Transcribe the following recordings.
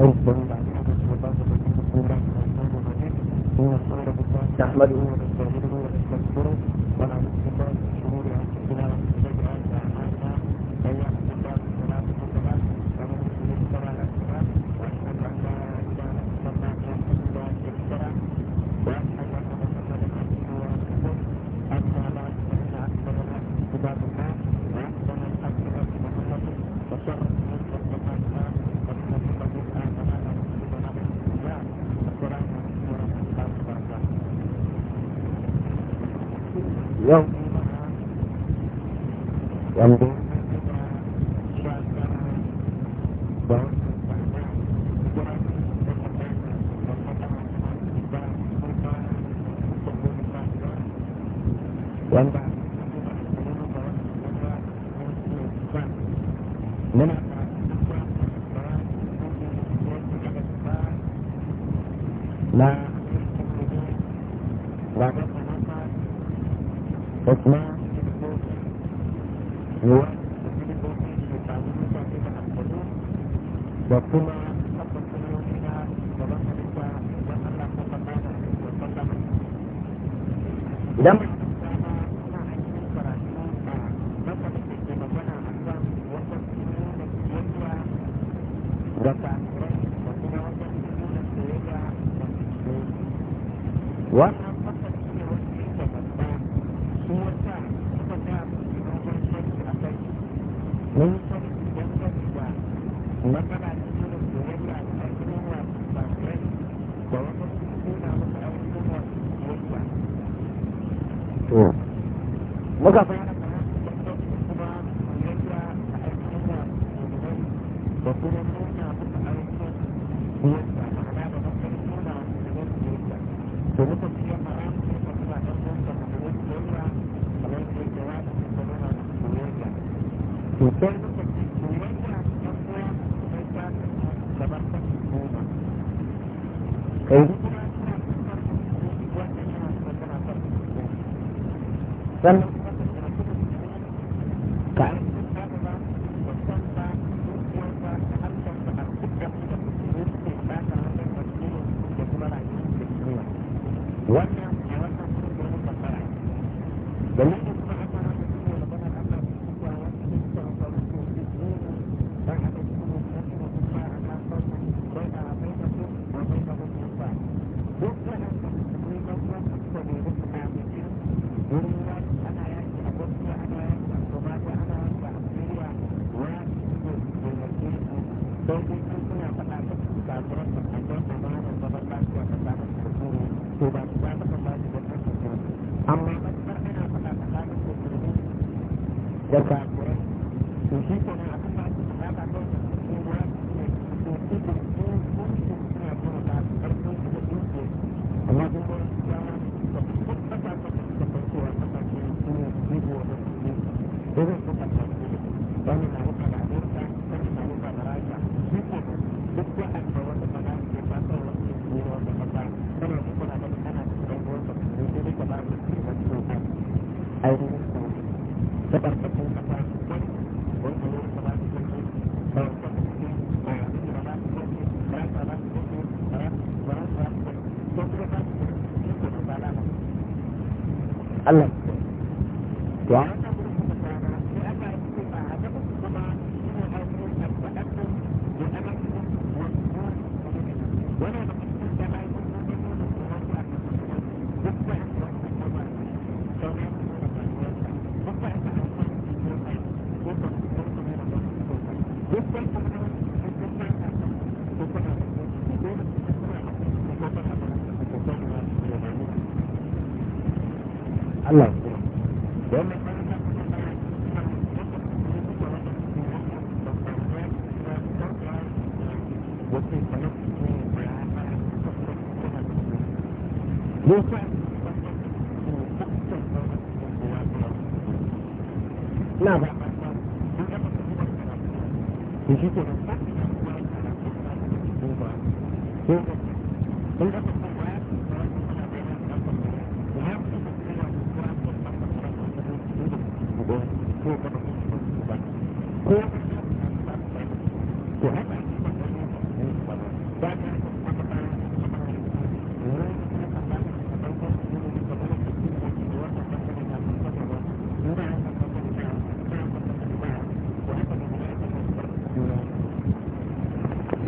نحمده ونستغفره ونعوذ بالله What?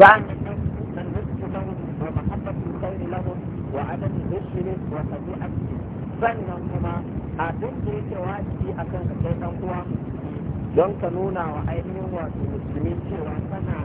وعن من نصف لهم ومحبة الخير لهم وعدم sannan kuma abin da yake wajibi a kan kai ɗan uwa don ka nuna wa ainihin wato musulmi cewa kana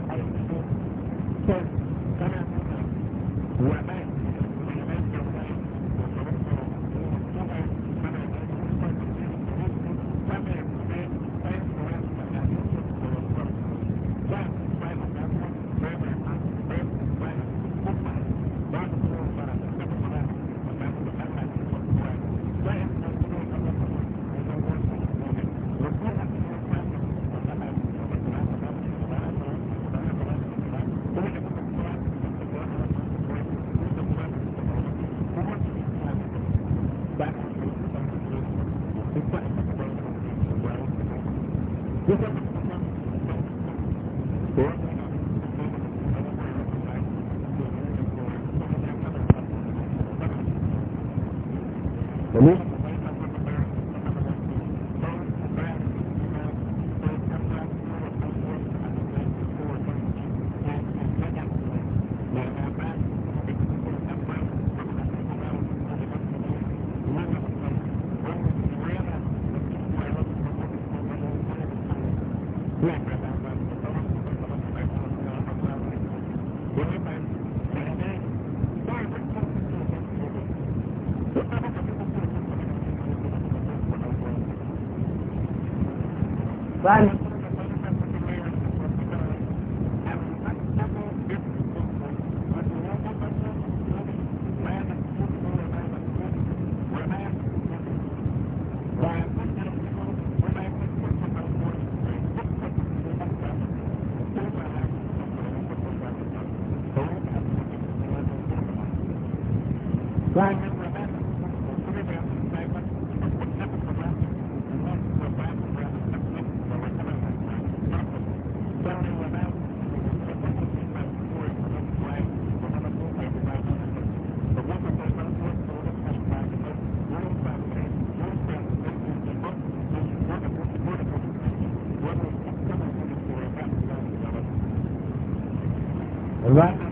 All right?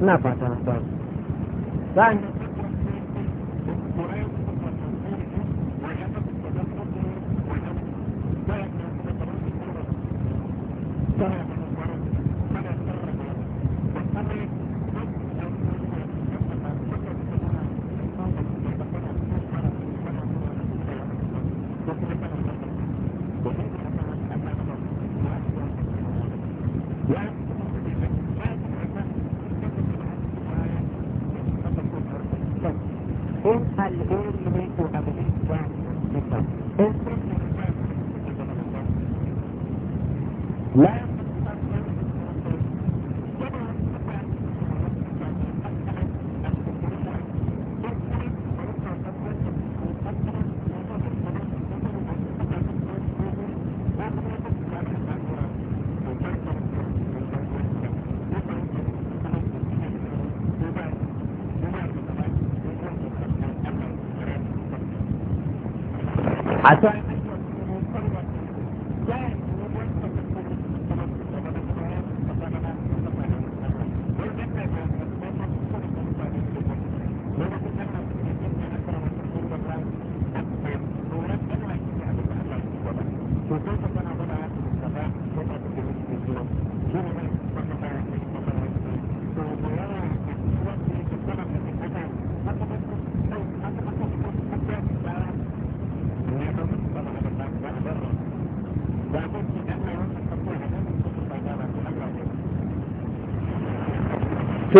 ina fata sa àtọ́ Sí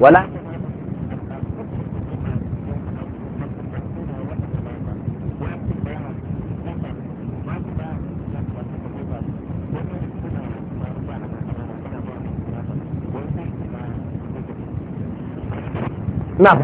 wala na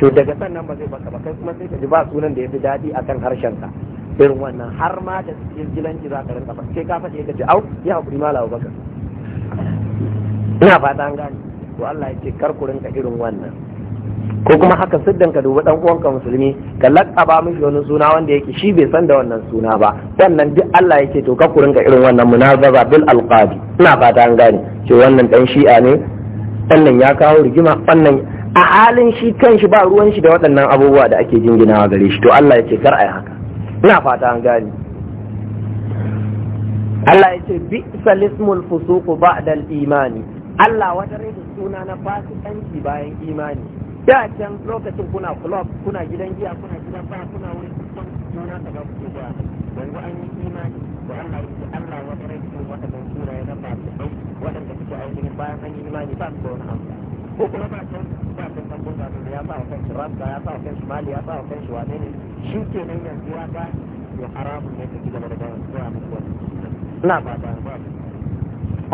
to daga sannan ba zai baka ba kai kuma sai ka ji ba sunan da ya fi daɗi a harshen ka irin wannan har ma da jirgilanci za ka rinka sai ka faɗi ka ce au ya haƙuri lawa baka ina fata an gane to Allah ya ce kar ku rinka irin wannan ko kuma haka siddan ka dubi dan uwanka musulmi ka ba mishi wani suna wanda yake shi bai san da wannan suna ba sannan duk Allah ya ce to kar ku rinka irin wannan munazaba bil alqabi ina fata an gane ce wannan dan shi'a ne wannan ya kawo rigima wannan a halin shi kan shi ba ruwan shi da waɗannan abubuwa da ake jinginawa gare shi to Allah ya ce kar a yi haka ina fata an gani Allah ya ce bi salismul fusuku ba'dal imani Allah wata rai da suna na fasikanci bayan imani da can lokacin kuna club kuna gidan giya kuna gidan ba kuna wuri kusan suna da ga ku ba yanzu an yi imani Ba Allah ya ce Allah wata rai da suna na suna ya da su wadanda bayan an yi imani ba su da wani amfani ko kuma ba can ba can ba ko da ya sa kan shi ranta ya sa kan shi mali ya sa kan shi wane ne shi ke nan yanzu ya ba ya haramun ne kake gaba da bayan ko amin ko na ba ba ba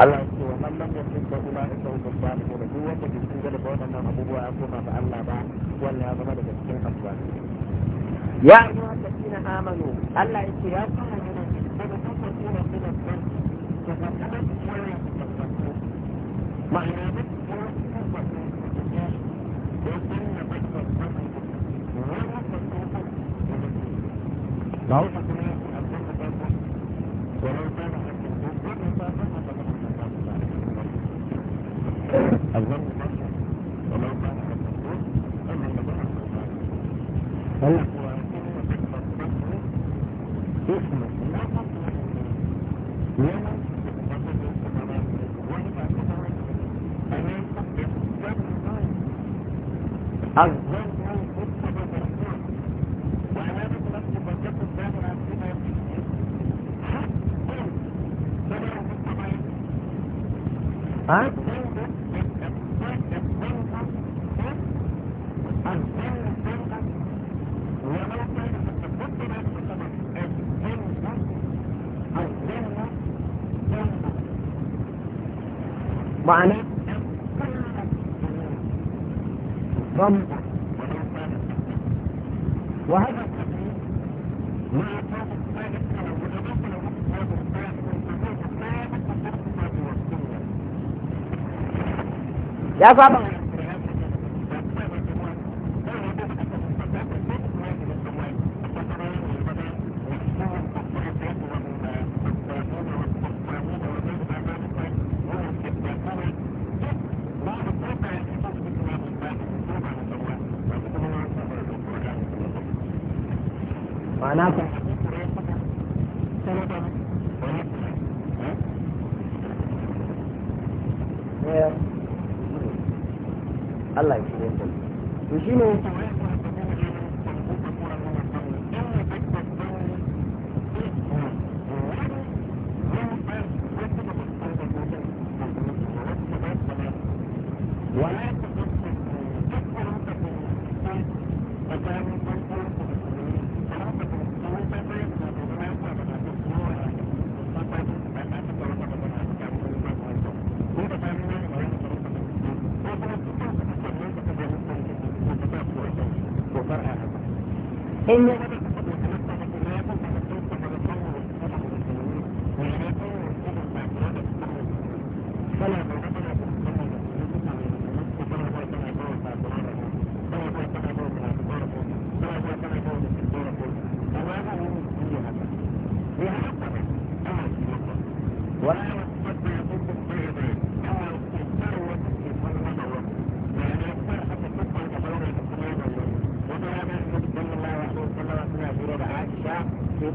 Allah ya ce wa man lam yakun fa ba hum zalimun duk wanda ke cikin da nan abubuwa ya koma ba Allah ba wannan ya zama daga cikin abubuwa ya ayyuha alladhina amanu Allah ya ce ya fara yana daga cikin abubuwa da ma'ana Não? Hello. ya saba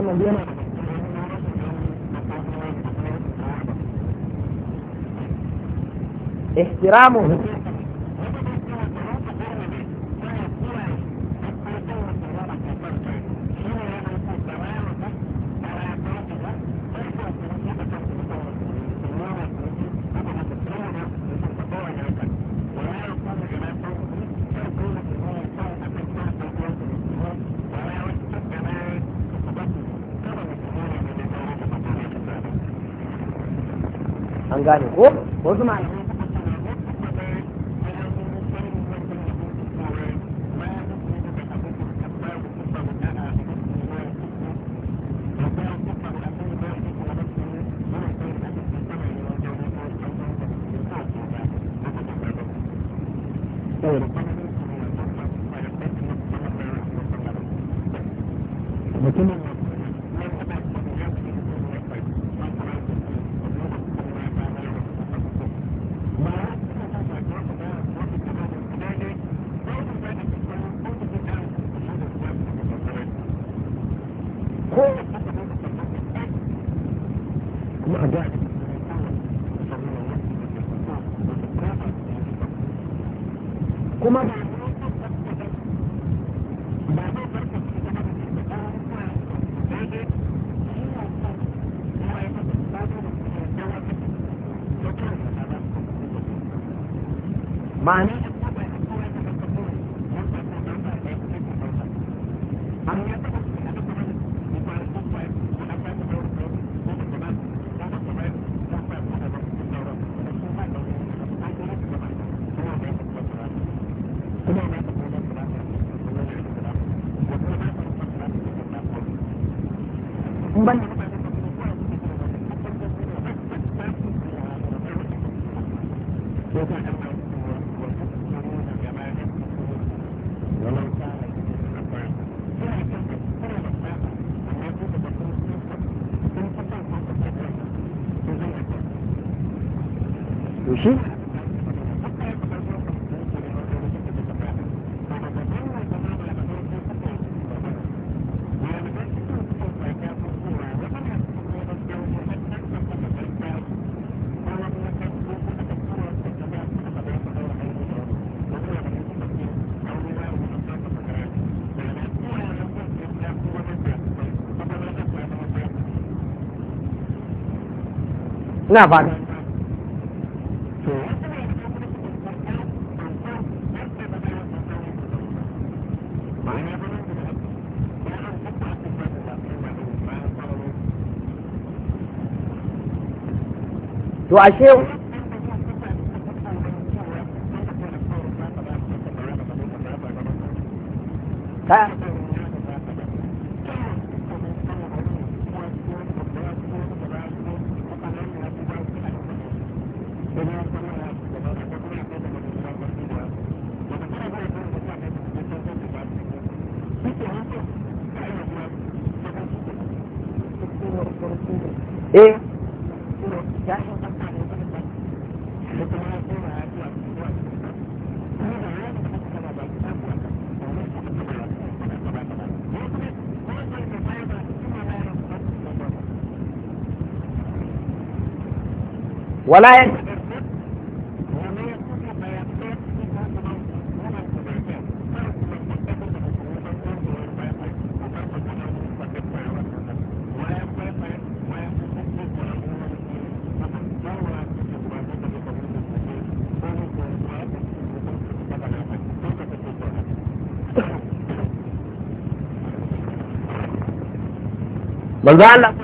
bueno, viene. Esperamos. gane ko wasu malamai ina fata to ashe wala yan manzo Allah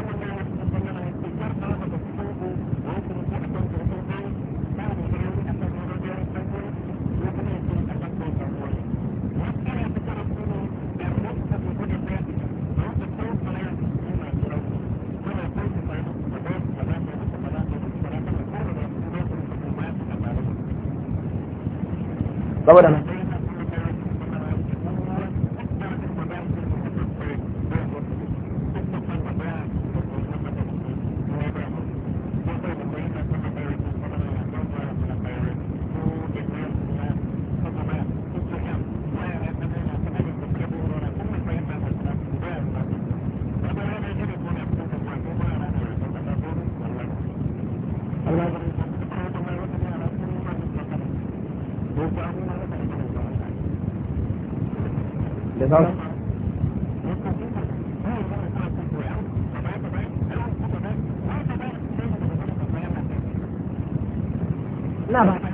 saboda 那吧。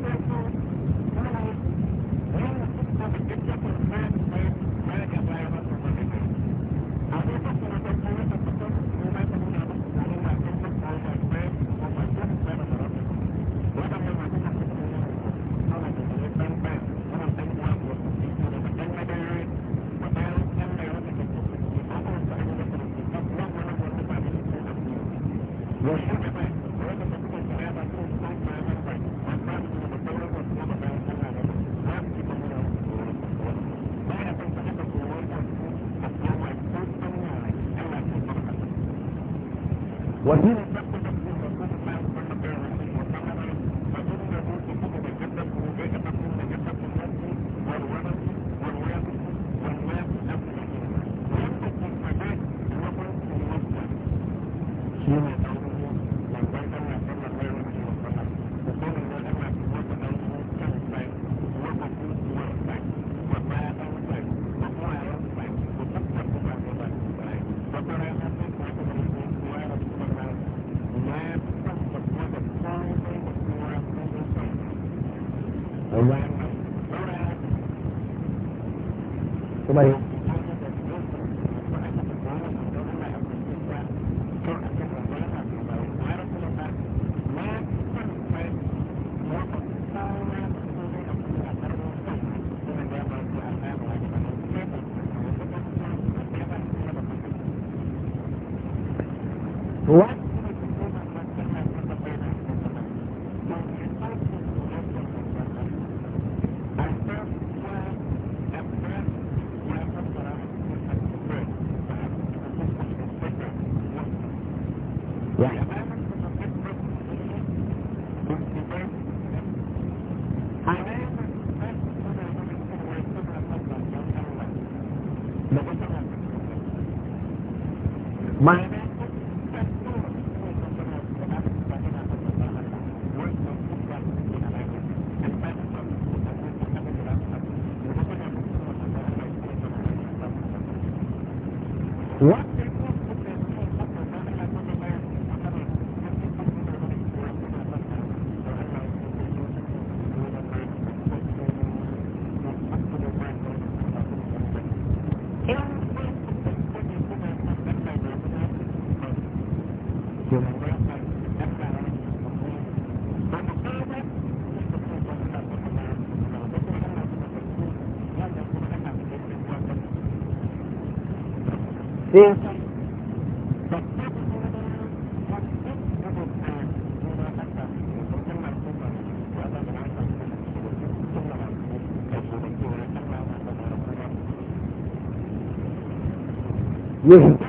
tó bá yẹ. with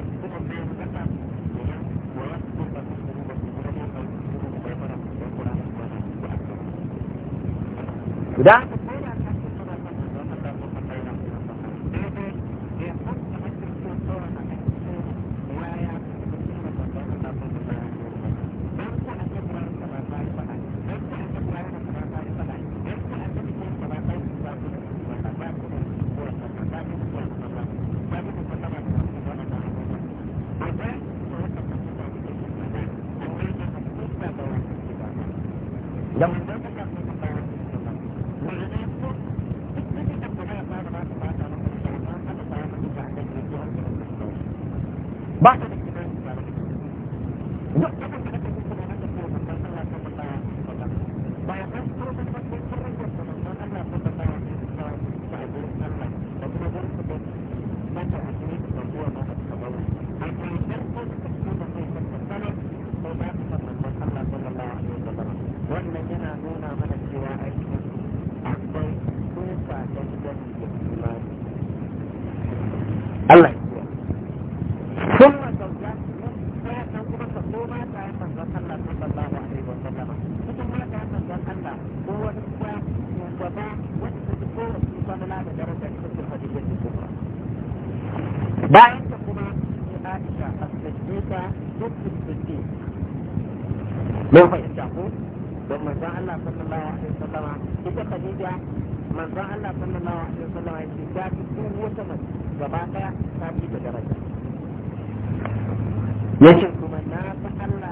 duk Carola.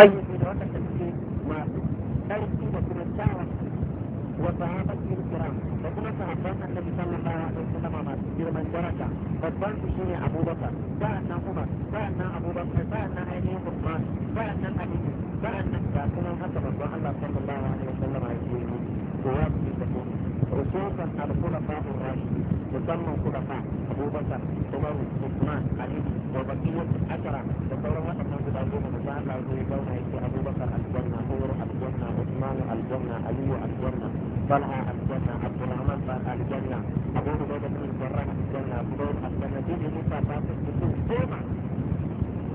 sahabbai babban su shine abubakar sa'an nan umar sa'an nan abubakar sa'an nan ainihin sa'an nan sa'an nan ga sunan haka babban allah sallallahu alaihi a yake yi to ya fi da su abubakar da sauran goma manzo Allah ya zo ya zauna yake Abubakar aljanna Umar aljanna Uthman aljanna Ali aljanna Talha aljanna Abdurrahman ban aljanna Abu Hurairah bin Jarrah aljanna Abu Dawud aljanna duk ne musa ta su goma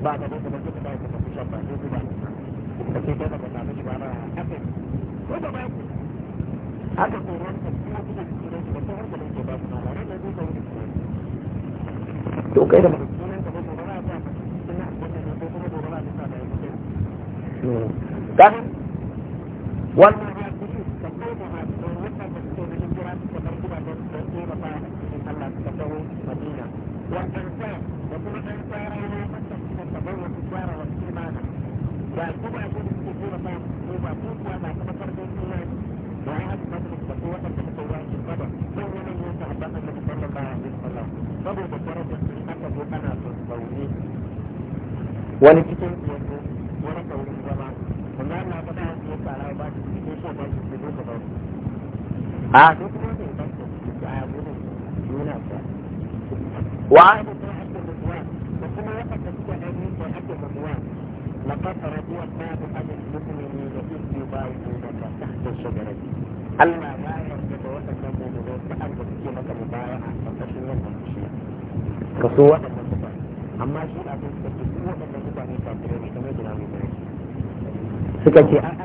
ba da da da wani ha wa Allah ya a da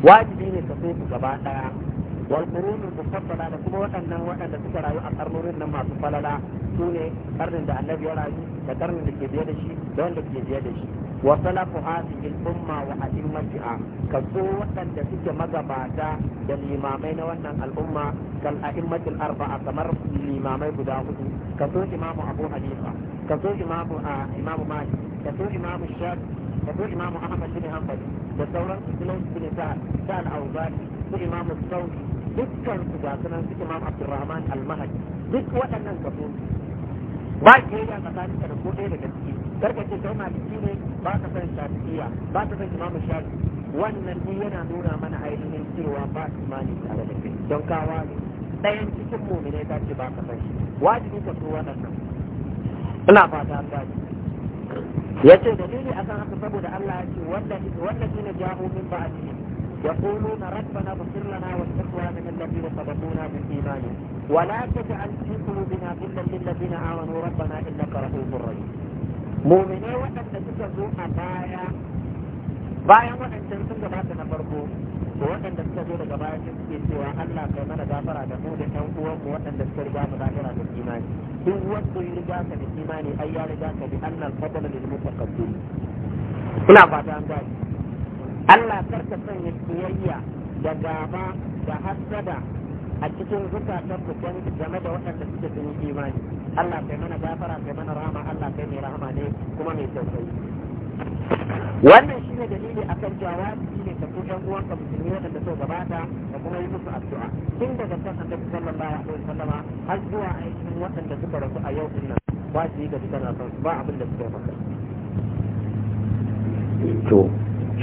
wajibi ne ka so su gaba daya wal qurunul mufaddala da kuma waɗannan waɗanda suka rayu a karnurin nan masu falala su ne karnin da annabi ya rayu da karnin da ke biye da shi da wanda ke biye da shi wa salafu hadhihi al-umma wa a'immatiha ka so waɗanda suke magabata da limamai na wannan al'umma kal a'immatil arba'a kamar limamai guda hudu ka so imamu abu hanifa ka so imamu ah, imamu malik ka so imamu shafi ka so imamu ahmad bin hanbali da sauran su kilon su ne ta sa'al auzani su imamu sauri dukkan su ga sunan su imam abdurrahman almahadi duk waɗannan gabo ba ke yi a tsakanin da ko ɗaya daga ciki karka ce kai maliki ne ba ka san shafiya ba ka san imamu shafi wannan duk yana nuna mana ainihin cewa ba imani tare da kai don kawa ne ɗayan cikin mu ne ta ce ba ka san shi wajibi ka so waɗannan ina fata an dace ya ce da dole a san haka saboda Allah ya ce wanda wanda shi ne jawo min ya kulu na rabba na bukir lana wa na min lafi da sababu na bin imani wa la an fi kulu bin abin da min lafi na illa karahu burrai mumine waɗanda suka zo a baya bayan waɗancan sun gabata na farko to waɗanda suka zo daga baya sun suke cewa Allah kai mana gafara da mu da ɗan uwan mu waɗanda suka riga mu lahira da imani duk wanda ya riga ka da imani ai ya riga ka bi annal fadl lil mutaqaddim ina fata an gani Allah karka sanya kiyayya da gaba da hasada a cikin zukatan ku dan game da waɗanda suke yi imani Allah kai mana gafara kai mana rahama Allah kai mai rahama ne kuma mai tausayi wannan shine dalili akan jawabi ne yan uwan musulmi waɗanda so gabata da kuma yi musu addu'a tun daga kan annabi sallallahu alaihi wasallama har zuwa aikin waɗanda suka rasu a yau din nan ba ga dukkan ba abin da suka faɗa to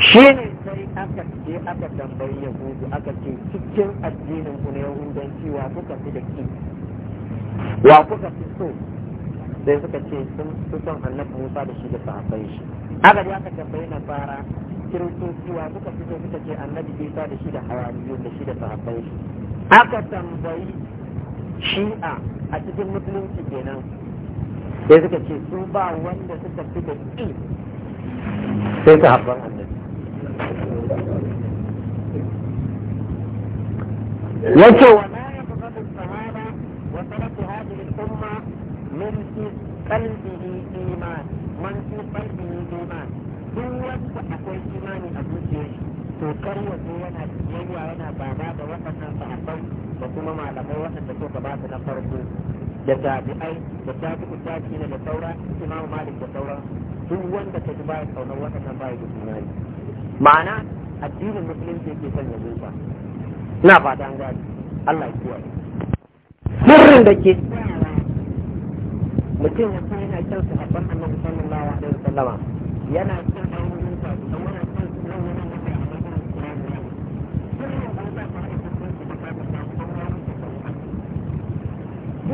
shi ne sai aka ce aka tambayi yahudu aka ce cikin addinin ku ne yahudanci wa kuka fi da ki wa kuka fi so sai suka ce sun fi son annabi musa da shi da sahabbai shi aka ya aka tambayi nasara kiristoci wa suka fito suka ce annabi isa da shi da hawaniyun da shi da sahabbai shi aka tambayi shi'a a cikin musulunci kenan sai suka ce su ba wanda suka fi da ƙi sai sahabban annabi yace wa la yabghadu sahaba wa salatu hadhihi al-umma min qalbihi iman man fi qalbihi iman wato yana biyayya yana bada da waɗannan sahabbai da kuma malamai waɗanda ba su na farko da tabi'ai da tabi'u ne da saura imam malik da sauran duk wanda ta ji baya kaunar waɗannan baya da imani ma'ana addinin musulunci yake son ya zuwa ina fata an gani Allah ya kiyaye sirrin da ke mutum ya yana kyan sahabban annabi sallallahu alaihi wasallama yana kyau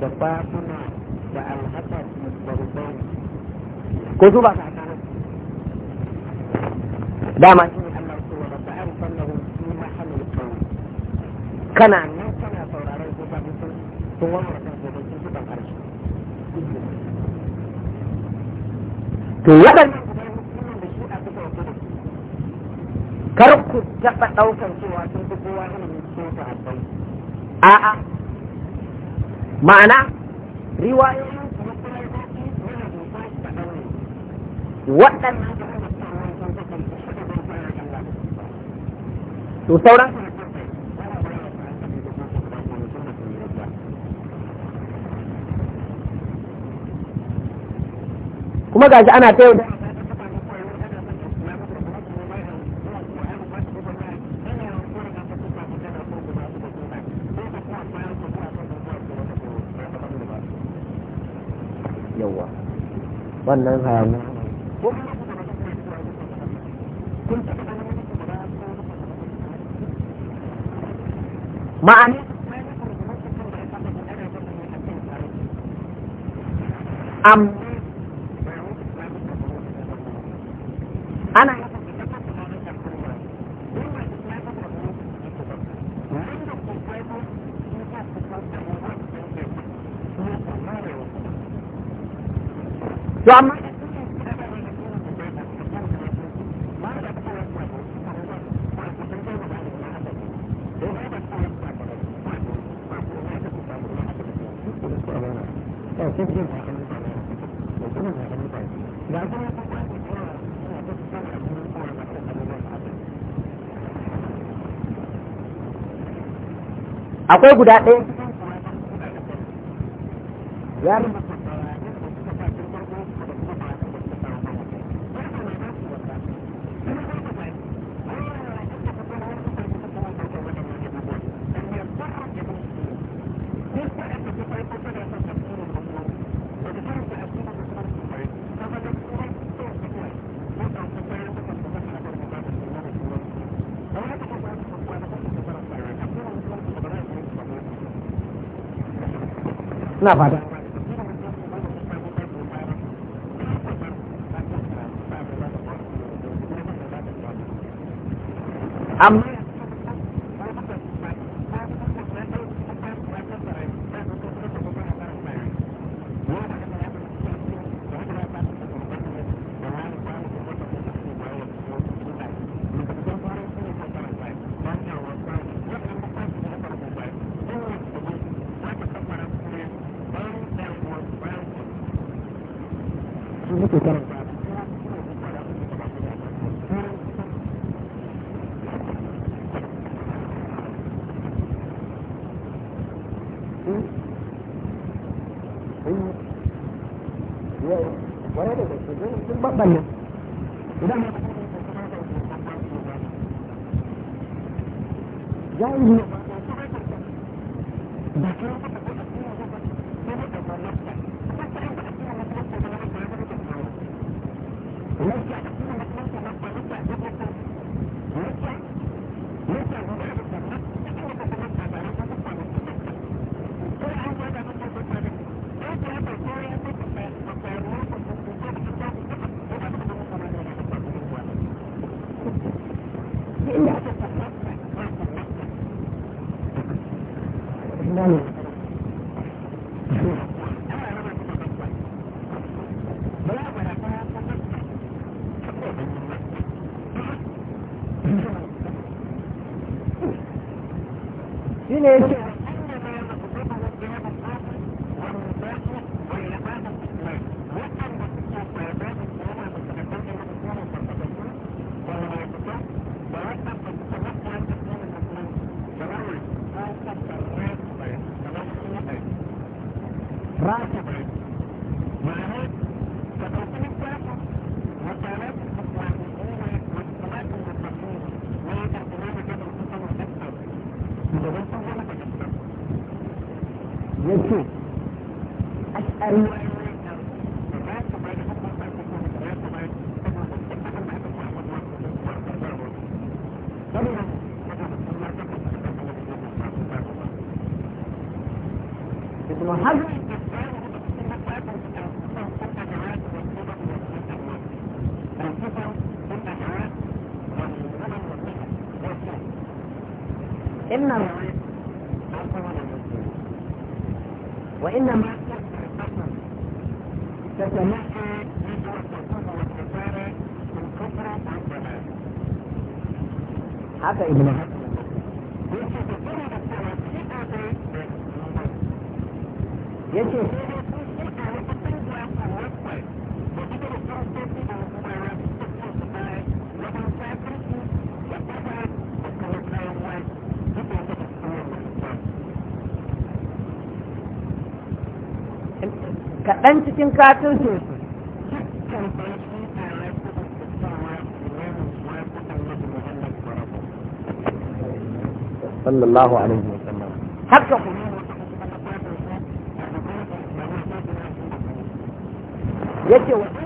da bakuna da alhaka da rubon ko su ba ka haka dama shi ne Allah ko da rabba an sallahu su mahallu kawo kana ne kana sauraron ko ba su to wannan rakan gobe sun su kankar shi to waɗannan kar ku taɓa ɗaukar cewa sun fi kowa ne mai su a a'a ma'ana riwayoyin waɗannan to sauran kuma gashi ana ta yau da wannan hayaniya ma'ana am to amma akwai guda ɗaya Na fata amma Amen. cikin katircin su sallallahu alaihi haka yake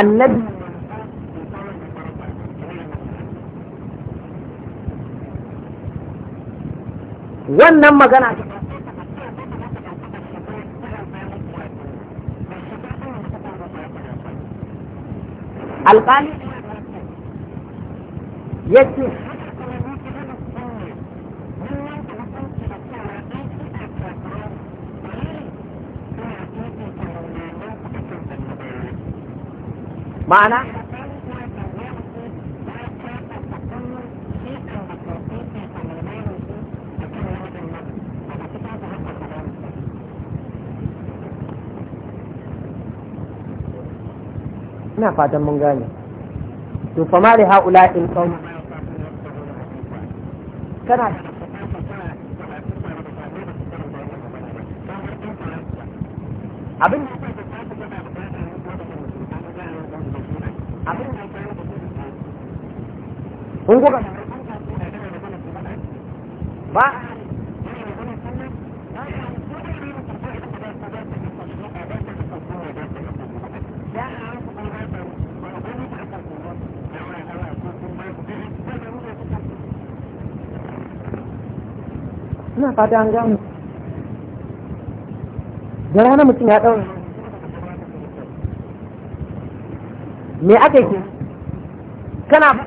annabi wannan magana alƙali ya ce ma'ana ina fatan mun gane to fama da haula in kaum kana abin kun kuka ba ina fata an gano da rana mutum ya ɗaura me aka ke kana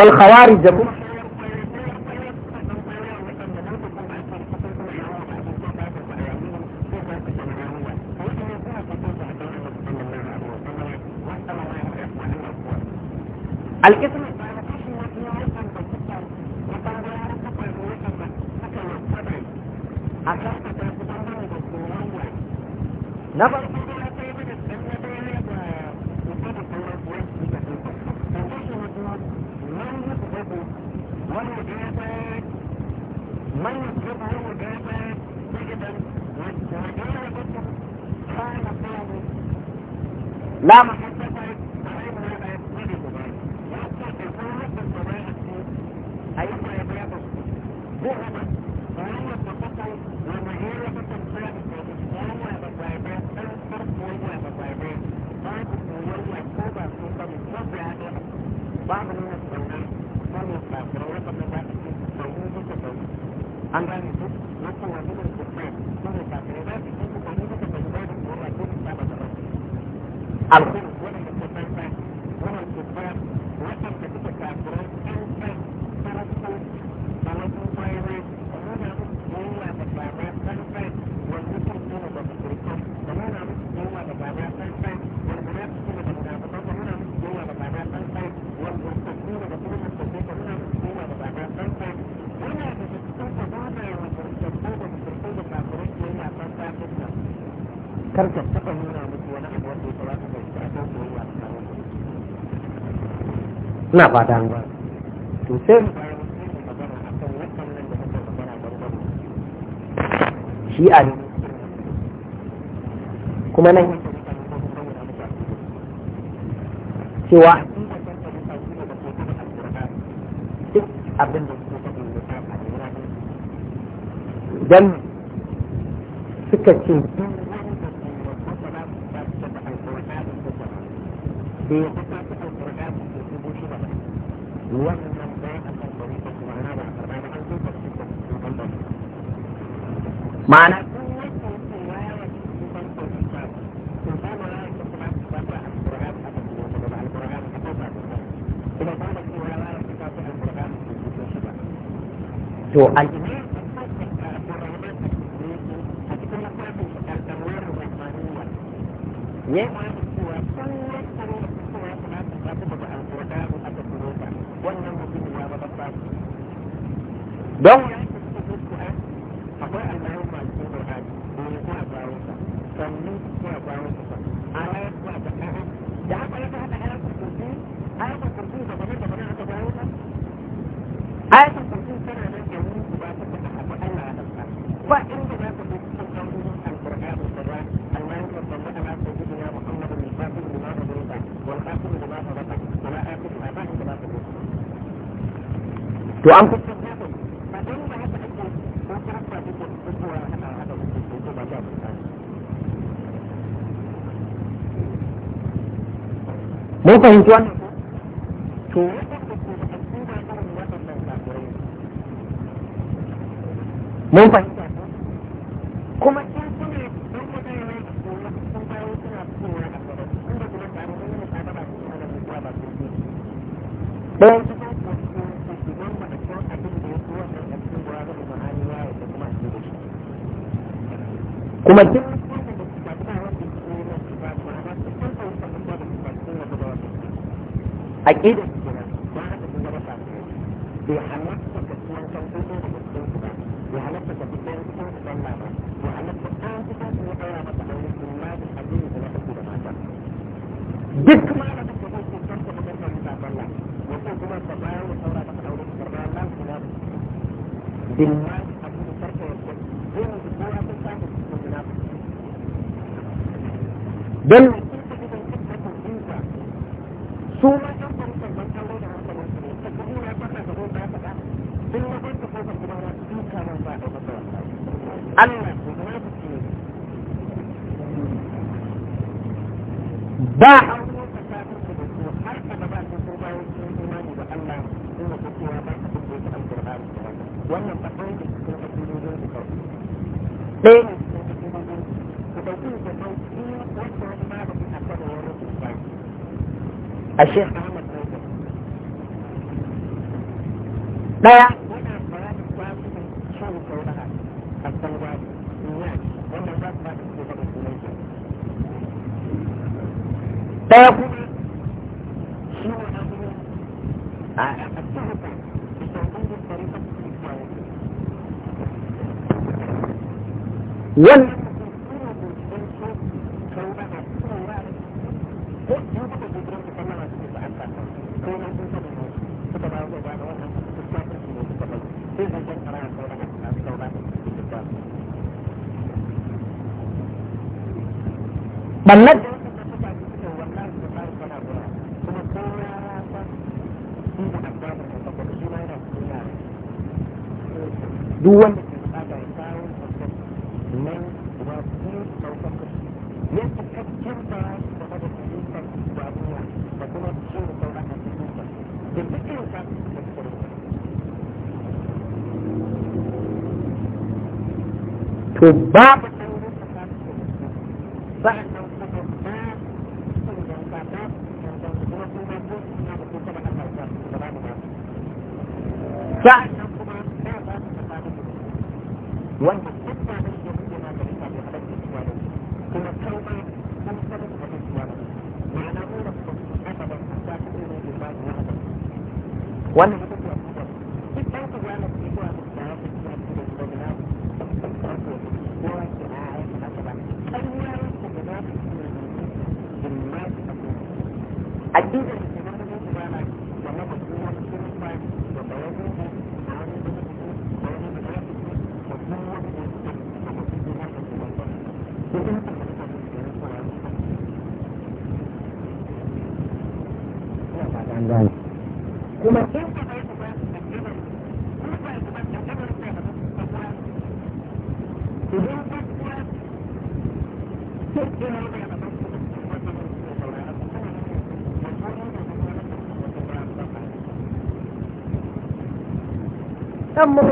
والخوارج la ba fata an to sai shi a kuma nan cewa duk abin da suka cin to a to an mun fahimci to mun fahimci ɓallan duk wanda to ba That kan mu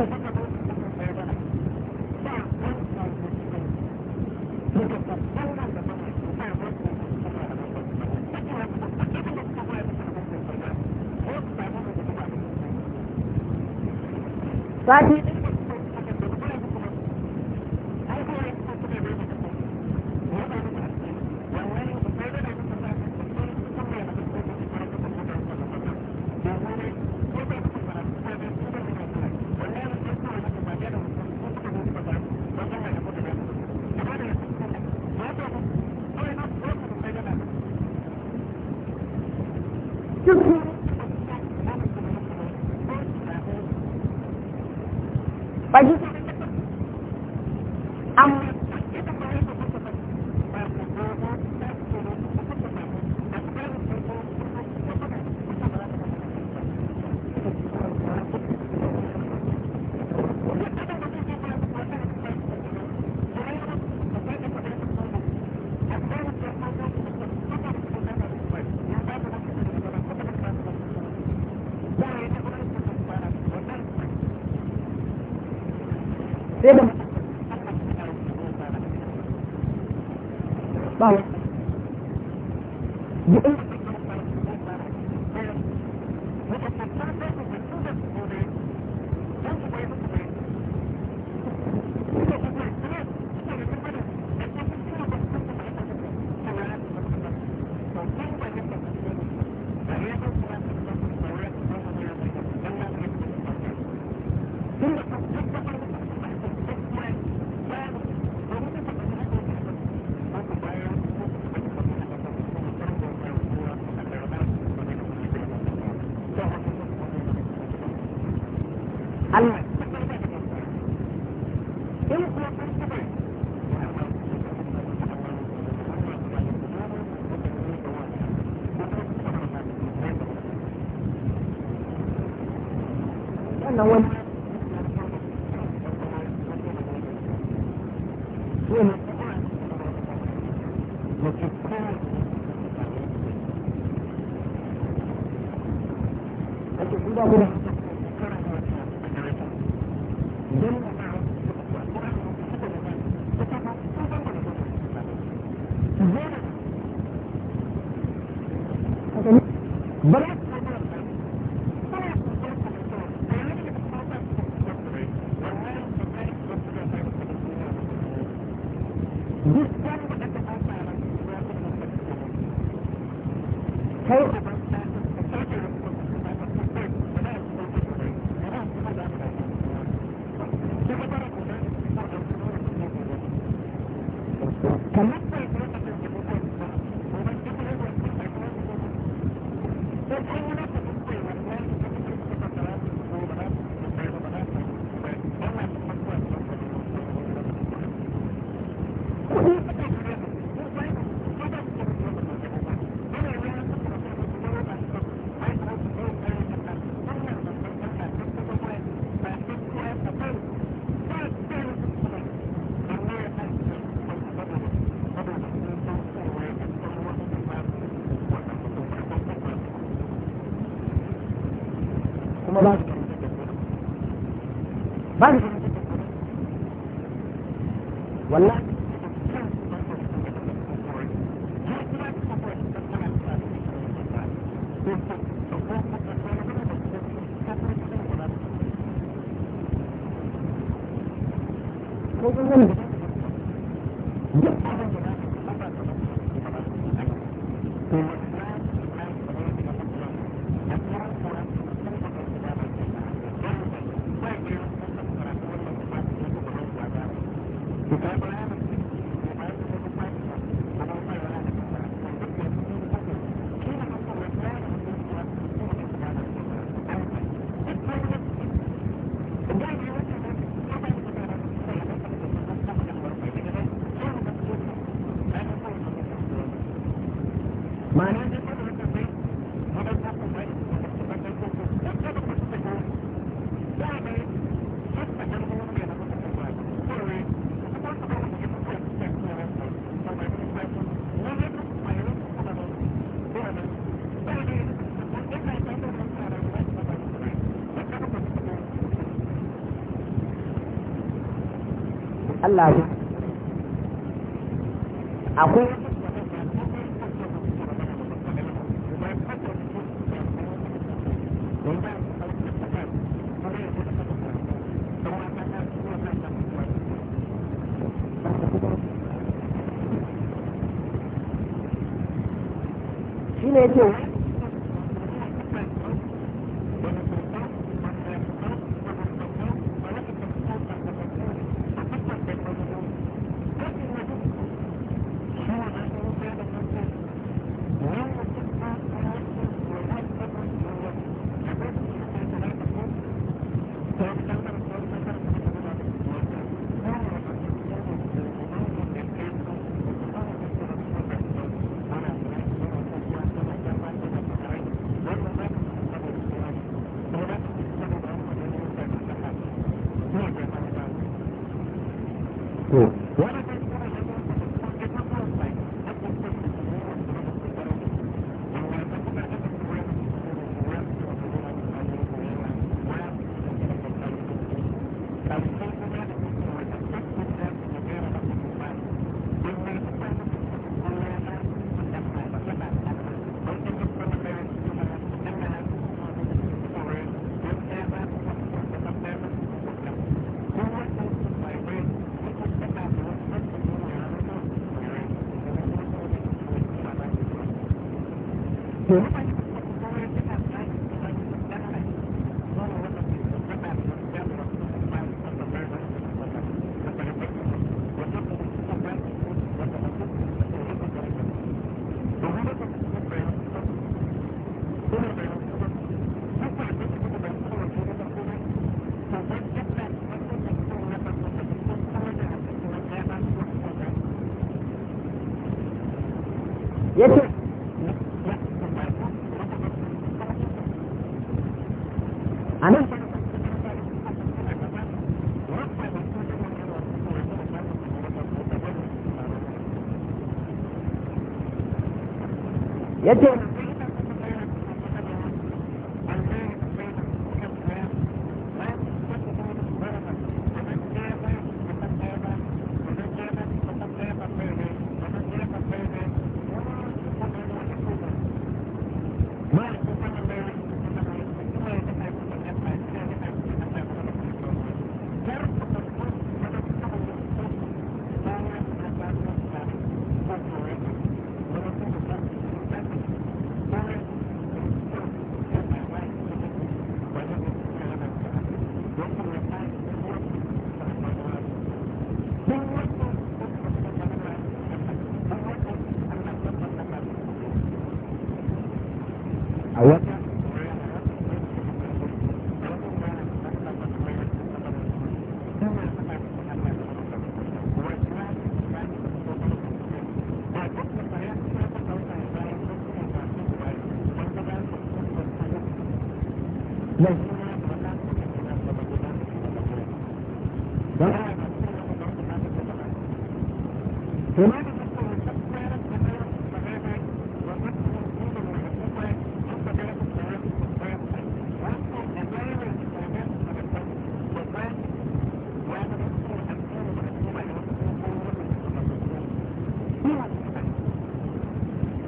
ba ba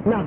na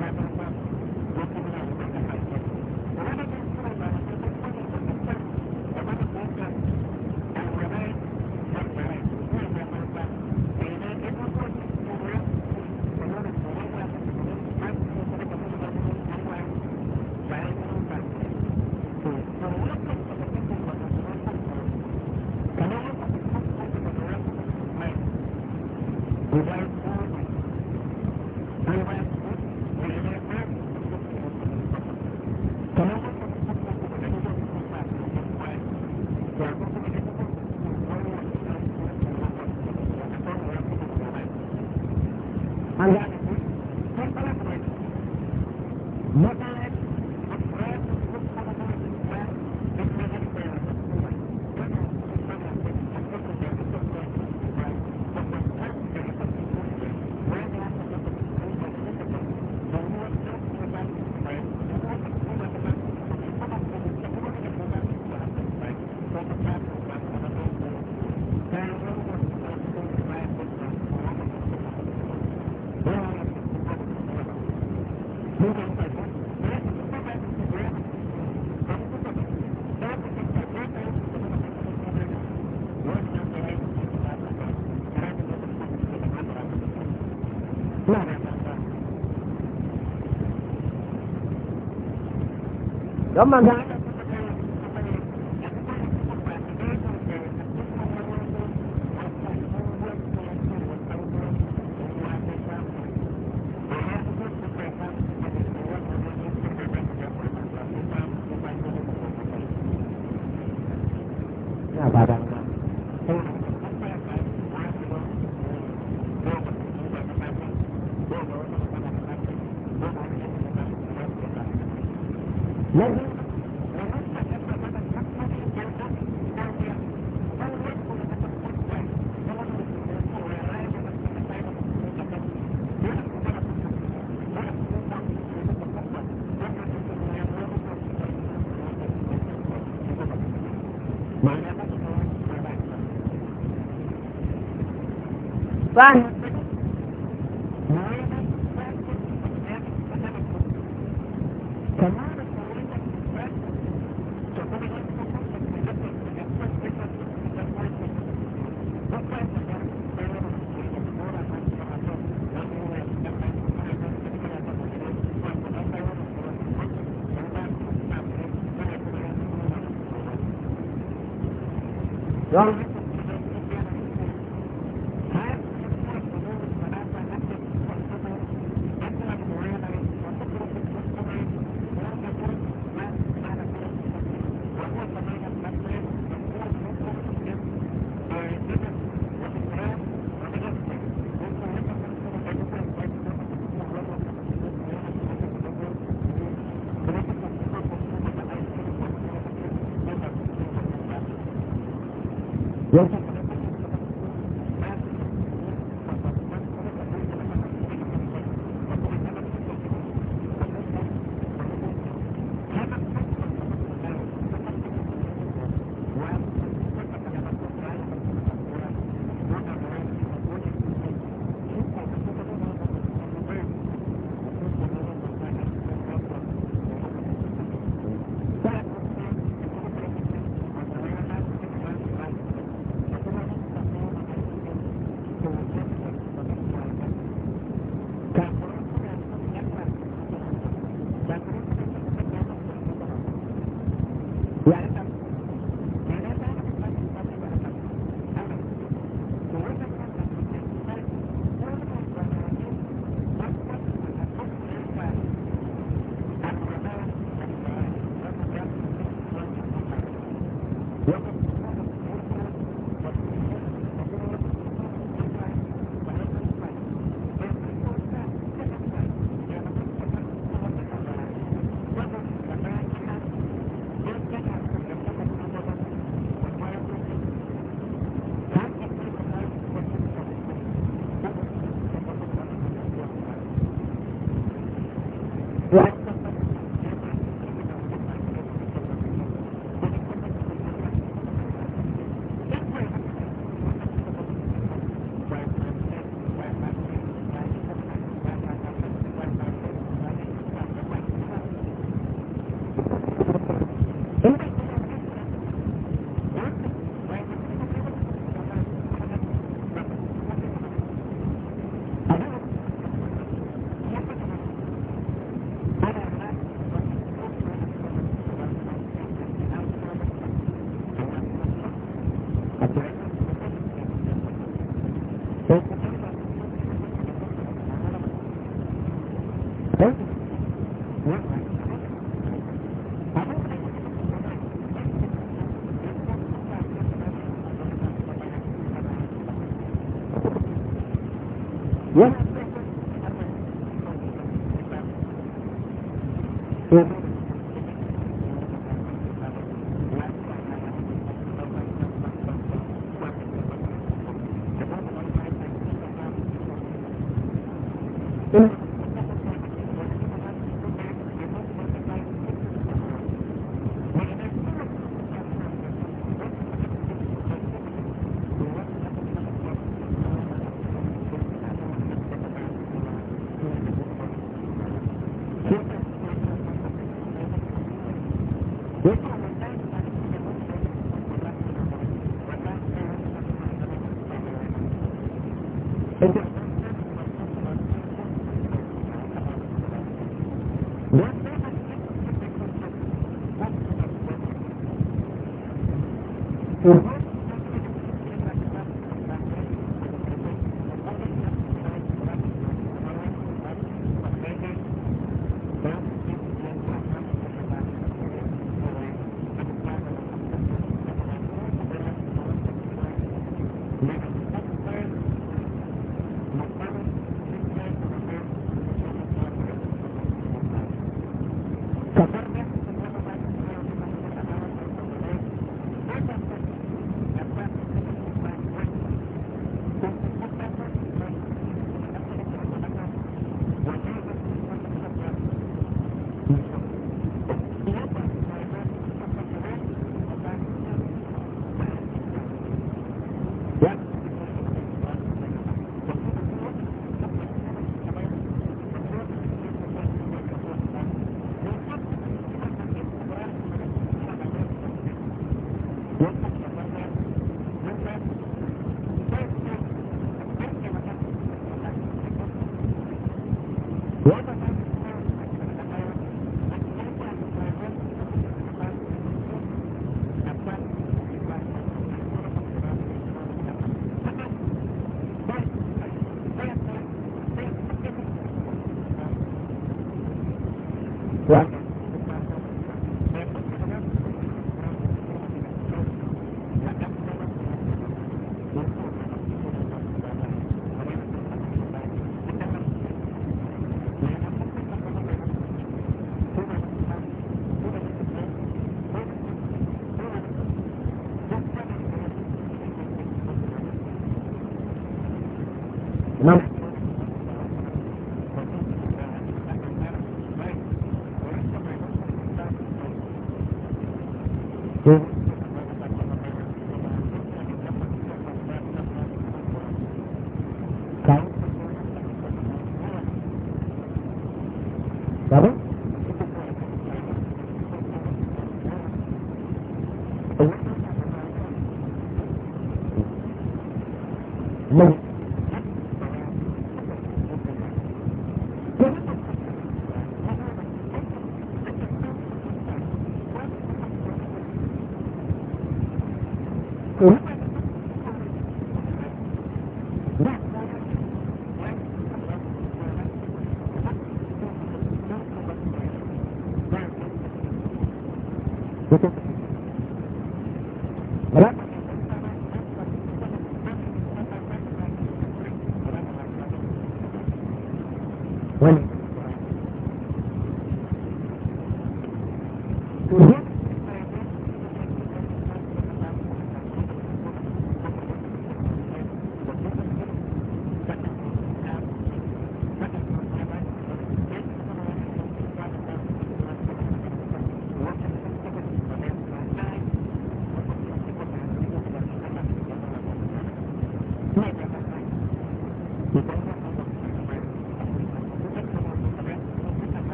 怎么办？Sani. Thank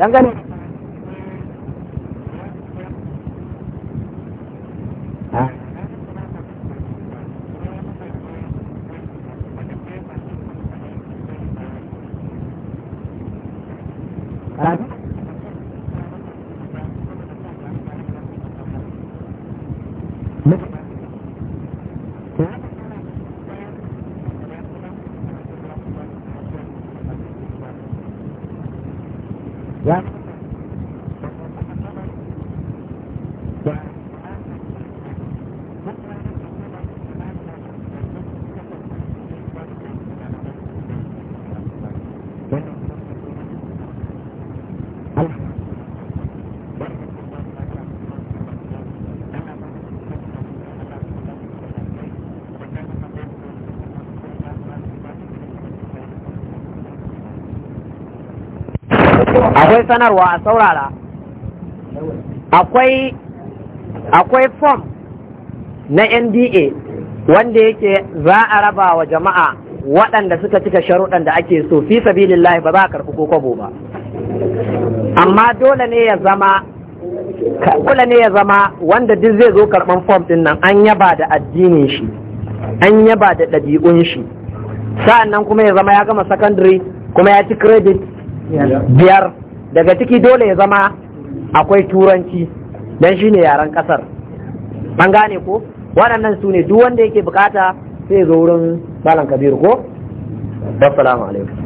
dangane akwai sanarwa a saurara akwai akwai form na nda wanda yake za a raba wa jama'a waɗanda suka cika sharuɗan da ake so fi sabilillahi ba za a karɓi ko kwabo ba amma dole ne ya zama kula ne ya zama wanda duk zai zo karɓan fom ɗin nan an yaba da addinin shi an yaba da ɗabi'un shi sa'an nan kuma ya zama ya gama secondary kuma ya ci credit biyar daga ciki dole ya zama akwai turanci don shi ne yaren ƙasar an gane ko waɗannan su ne duk wanda yake bukata sai zo wurin malam kabiru ko wassalamu alaikum